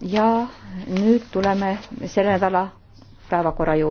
ja nüüd tuleme selle nädala päevakorra juurde.